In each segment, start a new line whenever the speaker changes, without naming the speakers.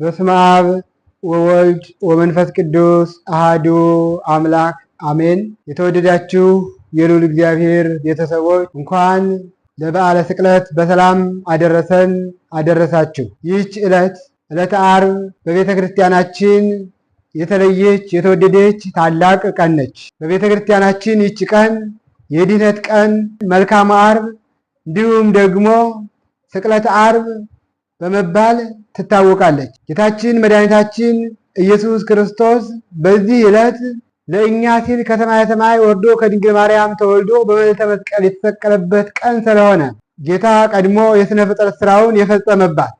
በስመ አብ ወወልድ ወመንፈስ ቅዱስ አሃዱ አምላክ አሜን። የተወደዳችሁ የልዑል እግዚአብሔር ቤተሰቦች እንኳን ለበዓለ ስቅለት በሰላም አደረሰን አደረሳችሁ። ይህች ዕለት ዕለተ ዓርብ በቤተ ክርስቲያናችን የተለየች የተወደደች ታላቅ ቀን ነች። በቤተ ክርስቲያናችን ይህች ቀን የድህነት ቀን፣ መልካም ዓርብ እንዲሁም ደግሞ ስቅለት ዓርብ በመባል ትታወቃለች። ጌታችን መድኃኒታችን ኢየሱስ ክርስቶስ በዚህ ዕለት ለእኛ ሲል ከተማ ሰማይ ወርዶ ከድንግል ማርያም ተወልዶ በመልዕልተ መስቀል የተሰቀለበት ቀን ስለሆነ ጌታ ቀድሞ የሥነ ፍጥረት ሥራውን የፈጸመባት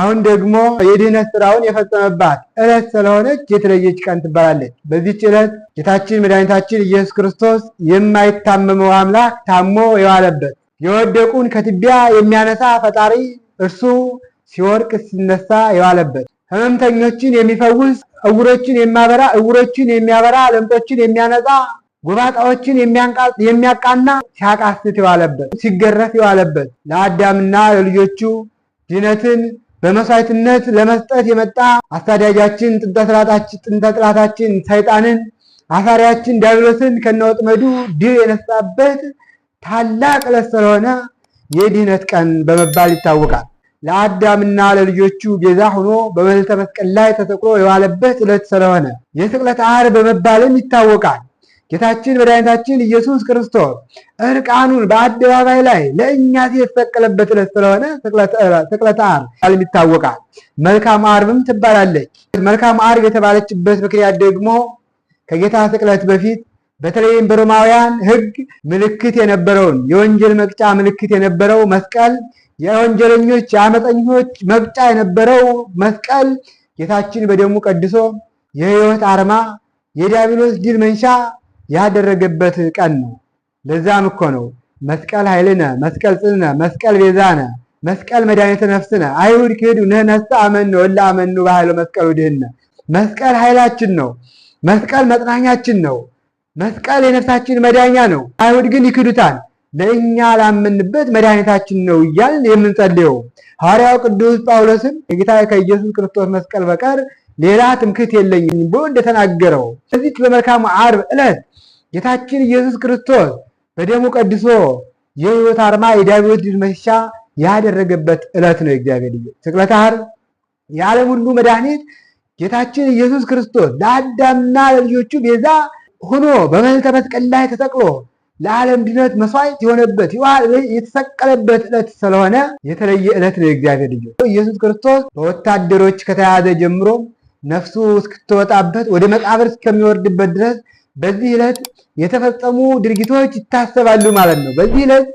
አሁን ደግሞ የድህነት ሥራውን የፈጸመባት ዕለት ስለሆነች የተለየች ቀን ትባላለች። በዚች ዕለት ጌታችን መድኃኒታችን ኢየሱስ ክርስቶስ የማይታመመው አምላክ ታሞ የዋለበት የወደቁን ከትቢያ የሚያነሳ ፈጣሪ እርሱ ሲወርቅ ሲነሳ የዋለበት ህመምተኞችን የሚፈውስ እውሮችን የሚያበራ እውሮችን የሚያበራ ለምጦችን የሚያነጻ ጎባጣዎችን የሚያቃና ሲያቃስት የዋለበት ሲገረፍ የዋለበት ለአዳምና ለልጆቹ ድነትን በመስዋዕትነት ለመስጠት የመጣ አሳዳጃችን ጥንተ ጥላታችን ሰይጣንን አሳሪያችን ዲያብሎስን ከነወጥመዱ ድል የነሳበት ታላቅ ዕለት ስለሆነ የድኅነት ቀን በመባል ይታወቃል። ለአዳምና ለልጆቹ ቤዛ ሆኖ በበለተ መስቀል ላይ ተሰቅሎ የዋለበት ዕለት ስለሆነ የስቅለት ዓርብ በመባልም ይታወቃል። ጌታችን መድኃኒታችን ኢየሱስ ክርስቶስ እርቃኑን በአደባባይ ላይ ለእኛ የተሰቀለበት ዕለት ስለሆነ ስቅለት ዓርብ ይታወቃል። መልካም ዓርብም ትባላለች። መልካም ዓርብ የተባለችበት ምክንያት ደግሞ ከጌታ ስቅለት በፊት በተለይም በሮማውያን ሕግ ምልክት የነበረውን የወንጀል መቅጫ ምልክት የነበረው መስቀል፣ የወንጀለኞች የአመፀኞች መቅጫ የነበረው መስቀል ጌታችን በደሙ ቀድሶ የህይወት አርማ የዲያብሎስ ድል መንሻ ያደረገበት ቀን ነው። ለዛም እኮ ነው መስቀል ኃይልነ መስቀል ጽንነ መስቀል ቤዛነ መስቀል መድኃኒተ ነፍስነ አይሁድ ክህዱ ንህነሰ አመኑ ወላ አመኑ በኃይለ መስቀሉ ድህነ መስቀል ኃይላችን ነው። መስቀል መጽናኛችን ነው። መስቀል የነፍሳችን መዳኛ ነው። አይሁድ ግን ይክዱታል። ለእኛ ላመንበት መድኃኒታችን ነው እያልን የምንጸልየው ሐዋርያው ቅዱስ ጳውሎስም ከጌታ ከኢየሱስ ክርስቶስ መስቀል በቀር ሌላ ትምክህት የለኝም ብሎ እንደተናገረው በዚች በመልካሙ ዓርብ ዕለት ጌታችን ኢየሱስ ክርስቶስ በደሙ ቀድሶ የሕይወት አርማ የዲያብሎስ ድል መሻ ያደረገበት ዕለት ነው። እግዚአብሔር ስቅለተ ዓርብ የዓለም ሁሉ መድኃኒት ጌታችን ኢየሱስ ክርስቶስ ለአዳምና ለልጆቹ ቤዛ ሆኖ በመልተበት ቀን ላይ ተጠቅሎ ለዓለም ድነት መስዋዕት የሆነበት የተሰቀለበት ዕለት ስለሆነ የተለየ ዕለት ነው። የእግዚአብሔር ልጅ ኢየሱስ ክርስቶስ በወታደሮች ከተያዘ ጀምሮ ነፍሱ እስክትወጣበት ወደ መቃብር እስከሚወርድበት ድረስ በዚህ ዕለት የተፈጸሙ ድርጊቶች ይታሰባሉ ማለት ነው። በዚህ ዕለት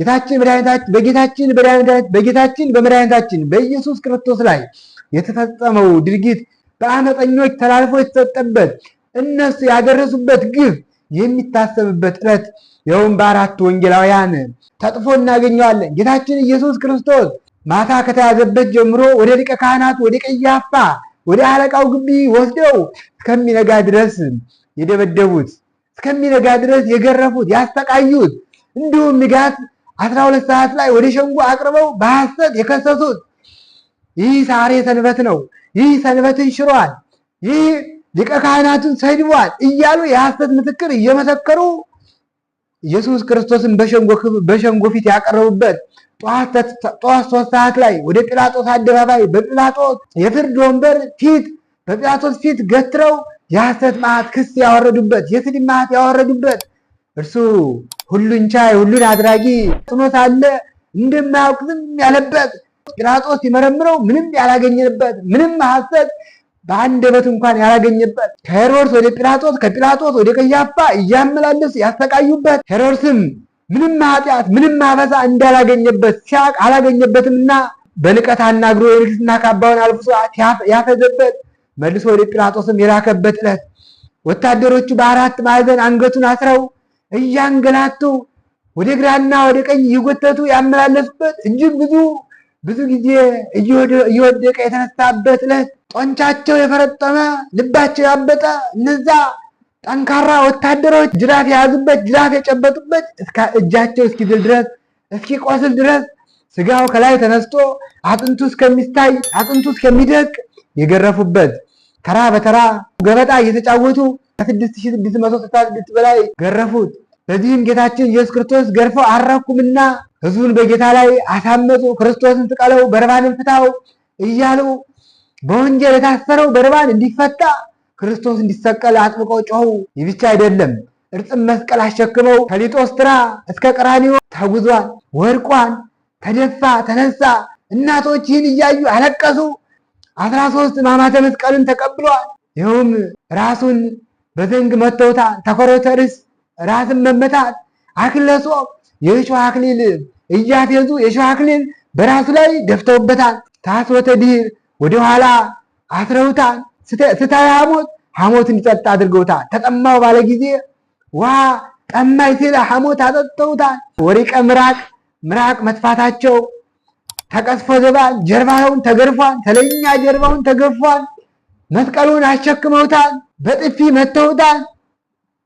ጌታችን መድኃኒታችን በጌታችን በጌታችን በመድኃኒታችን በኢየሱስ ክርስቶስ ላይ የተፈጸመው ድርጊት በአመፀኞች ተላልፎ የተሰጠበት እነሱ ያደረሱበት ግፍ የሚታሰብበት ዕለት ይኸውም በአራቱ ወንጌላውያን ተጥፎ እናገኘዋለን። ጌታችን ኢየሱስ ክርስቶስ ማታ ከተያዘበት ጀምሮ ወደ ሊቀ ካህናት ወደ ቀያፋ ወደ አለቃው ግቢ ወስደው እስከሚነጋ ድረስ የደበደቡት፣ እስከሚነጋ ድረስ የገረፉት፣ ያስተቃዩት እንዲሁም ንጋት አስራ ሁለት ሰዓት ላይ ወደ ሸንጎ አቅርበው በሐሰት የከሰሱት ይህ ዛሬ ሰንበት ነው፣ ይህ ሰንበትን ሽሯል፣ ይህ ሊቀ ካህናቱን ሰድቧል እያሉ የሐሰት ምስክር እየመሰከሩ ኢየሱስ ክርስቶስን በሸንጎ ፊት ያቀረቡበት ጠዋት ሶስት ሰዓት ላይ ወደ ጲላጦስ አደባባይ በጲላጦስ የፍርድ ወንበር ፊት በጲላጦስ ፊት ገትረው የሐሰት መዓት ክስ ያወረዱበት የስድብ መዓት ያወረዱበት እርሱ ሁሉን ቻይ ሁሉን አድራጊ ጽኖ ሳለ እንደማያውቅ ዝም ያለበት ጲላጦስ ሲመረምረው ምንም ያላገኘበት ምንም ሐሰት በአንደበት እንኳን ያላገኘበት ከሄሮድስ ወደ ጲላጦስ ከጲላጦስ ወደ ቀያፋ እያመላለሱ ያሰቃዩበት ሄሮድስም ምንም ኃጢአት ምንም አፈሳ እንዳላገኘበት ሲያቅ አላገኘበትምና በንቀት አናግሮ የንግስና ካባውን አልብሶ ያፈዘበት መልሶ ወደ ጲላጦስም የላከበት ዕለት ወታደሮቹ በአራት ማዕዘን አንገቱን አስረው እያንገላቱ ወደ ግራና ወደ ቀኝ እየጎተቱ ያመላለሱበት እጅግ ብዙ ብዙ ጊዜ እየወደቀ የተነሳበት ዕለት ጦንቻቸው የፈረጠመ ልባቸው ያበጠ እነዛ ጠንካራ ወታደሮች ጅራፍ የያዙበት ጅራፍ የጨበጡበት እጃቸው እስኪዝል ድረስ እስኪቆስል ድረስ ስጋው ከላይ ተነስቶ አጥንቱ እስከሚታይ አጥንቱ እስከሚደቅ የገረፉበት ተራ በተራ ገበጣ እየተጫወቱ ከ6666 በላይ ገረፉት። በዚህም ጌታችን ኢየሱስ ክርስቶስ ገርፈው አረኩምና ህዝቡን በጌታ ላይ አሳመፁ። ክርስቶስን ስቀለው፣ በርባንን ፍታው እያሉ በወንጀል የታሰረው በርባን እንዲፈታ ክርስቶስ እንዲሰቀል አጥብቀው ጮኸው። ይህ ብቻ አይደለም፣ እርጥም መስቀል አሸክመው ከሊጦስትራ እስከ ቀራኒዮ ተጉዟል። ወድቋን፣ ተደፋ፣ ተነሳ። እናቶች ይህን እያዩ አለቀሱ። አስራ ሶስት ሕማማተ መስቀልን ተቀብሏል። ይኸውም ራሱን በዘንግ መተውታ፣ ተኮረተርስ ራስን መመታት፣ አክለሶ የእሾህ አክሊል እያፌዙ የእሾህ አክሊል በራሱ ላይ ደፍተውበታል። ታስሮተ ድኅር ወደኋላ አስረውታል። ስታይ ሐሞት ሐሞት እንዲጠጣ አድርገውታል። ተጠማው ባለ ጊዜ ዋ ጠማይ ሲል ሐሞት አጠጥተውታል። ወሪቀ ምራቅ ምራቅ መጥፋታቸው ተቀስፎ ዘባል ጀርባውን ተገርፏል። ተለኛ ጀርባውን ተገርፏል። መስቀሉን አሸክመውታል። በጥፊ መተውታል።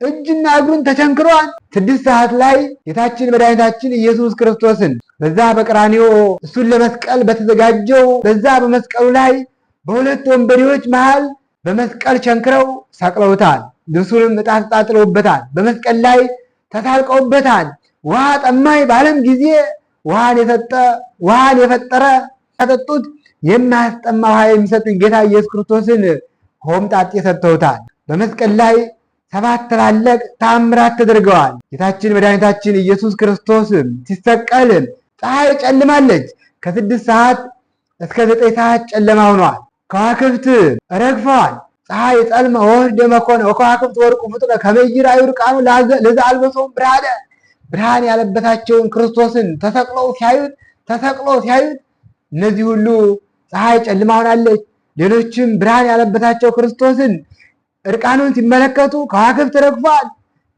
እጅና እግሩን ተቸንክሯል። ስድስት ሰዓት ላይ ጌታችን መድኃኒታችን ኢየሱስ ክርስቶስን በዛ በቀራንዮ እሱን ለመስቀል በተዘጋጀው በዛ በመስቀሉ ላይ በሁለት ወንበዴዎች መሃል በመስቀል ቸንክረው ሰቅለውታል። ልብሱንም ዕጣ ተጣጥለውበታል። በመስቀል ላይ ተታልቀውበታል። ውሃ ጠማኝ በአለም ጊዜ ውሃን የሰጠ ውሃን የፈጠረ ያጠጡት የማያስጠማ ውሃ የሚሰጥ ጌታ ኢየሱስ ክርስቶስን ሆምጣጤ ሰጥተውታል። በመስቀል ላይ ሰባት ትላልቅ ታምራት ተደርገዋል። ጌታችን መድኃኒታችን ኢየሱስ ክርስቶስ ሲሰቀል ፀሐይ ጨልማለች። ከስድስት ሰዓት እስከ ዘጠኝ ሰዓት ጨለማ ሆኗል። ከዋክብት ረግፈዋል። ፀሐይ ጸልመ ወወህደ መኮነ ወከዋክብት ወርቁ ፍጥረ ከመይር ይርቃኑ ለዛ አልበሶም ብርሃነ ብርሃን ያለበታቸውን ክርስቶስን ተሰቅሎ ሲያዩት ተሰቅሎ ሲያዩት እነዚህ ሁሉ ፀሐይ ጨልማ ሆናለች። ሌሎችም ብርሃን ያለበታቸው ክርስቶስን እርቃኑን ሲመለከቱ ከዋክብት ረግፏል፣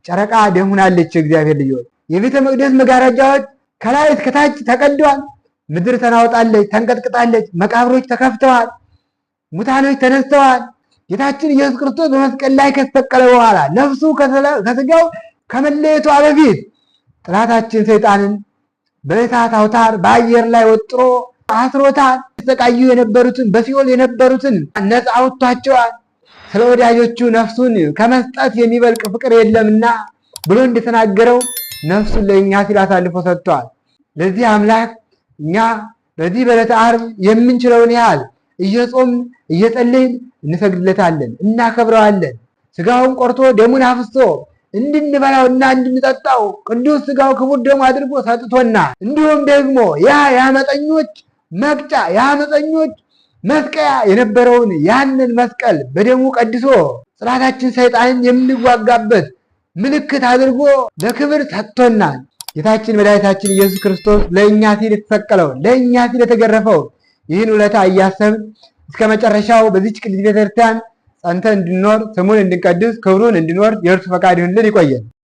ጨረቃ ደሙናለች። እግዚአብሔር ልጆች የቤተ መቅደስ መጋረጃዎች ከላይ እስከታች ተቀደዋል። ምድር ተናወጣለች፣ ተንቀጥቅጣለች። መቃብሮች ተከፍተዋል፣ ሙታኖች ተነስተዋል። ጌታችን ኢየሱስ ክርስቶስ በመስቀል ላይ ከተሰቀለ በኋላ ነፍሱ ከስጋው ከመለየቷ በፊት ጥላታችን ሰይጣንን በእሳት አውታር በአየር ላይ ወጥሮ አስሮታል። ሲሰቃዩ የነበሩትን በሲኦል የነበሩትን ነፃ አውጥቷቸዋል። ስለወዳጆቹ ነፍሱን ከመስጠት የሚበልቅ ፍቅር የለምና ብሎ እንደተናገረው ነፍሱን ለእኛ ሲል አሳልፎ ሰጥቷል። ለዚህ አምላክ እኛ በዚህ በዕለተ ዓርብ የምንችለውን ያህል እየጾም እየጸለይን እንሰግድለታለን፣ እናከብረዋለን። ስጋውን ቆርቶ ደሙን አፍሶ እንድንበላው እና እንድንጠጣው ቅዱስ ስጋው ክቡር ደሙ አድርጎ ሰጥቶና እንዲሁም ደግሞ ያ የአመፀኞች መቅጫ የአመፀኞች መስቀያ የነበረውን ያንን መስቀል በደሙ ቀድሶ ጥላታችን ሰይጣንን የምንዋጋበት ምልክት አድርጎ በክብር ሰጥቶናል። ጌታችን መድኃኒታችን ኢየሱስ ክርስቶስ ለእኛ ሲል የተሰቀለው ለእኛ ሲል የተገረፈው ይህን ውለታ እያሰብን እስከ መጨረሻው በዚች ቅድስት ቤተክርስቲያን ጸንተን እንድንኖር ስሙን እንድንቀድስ ክብሩን እንድኖር የእርሱ ፈቃድ ይሁንልን። ይቆየን።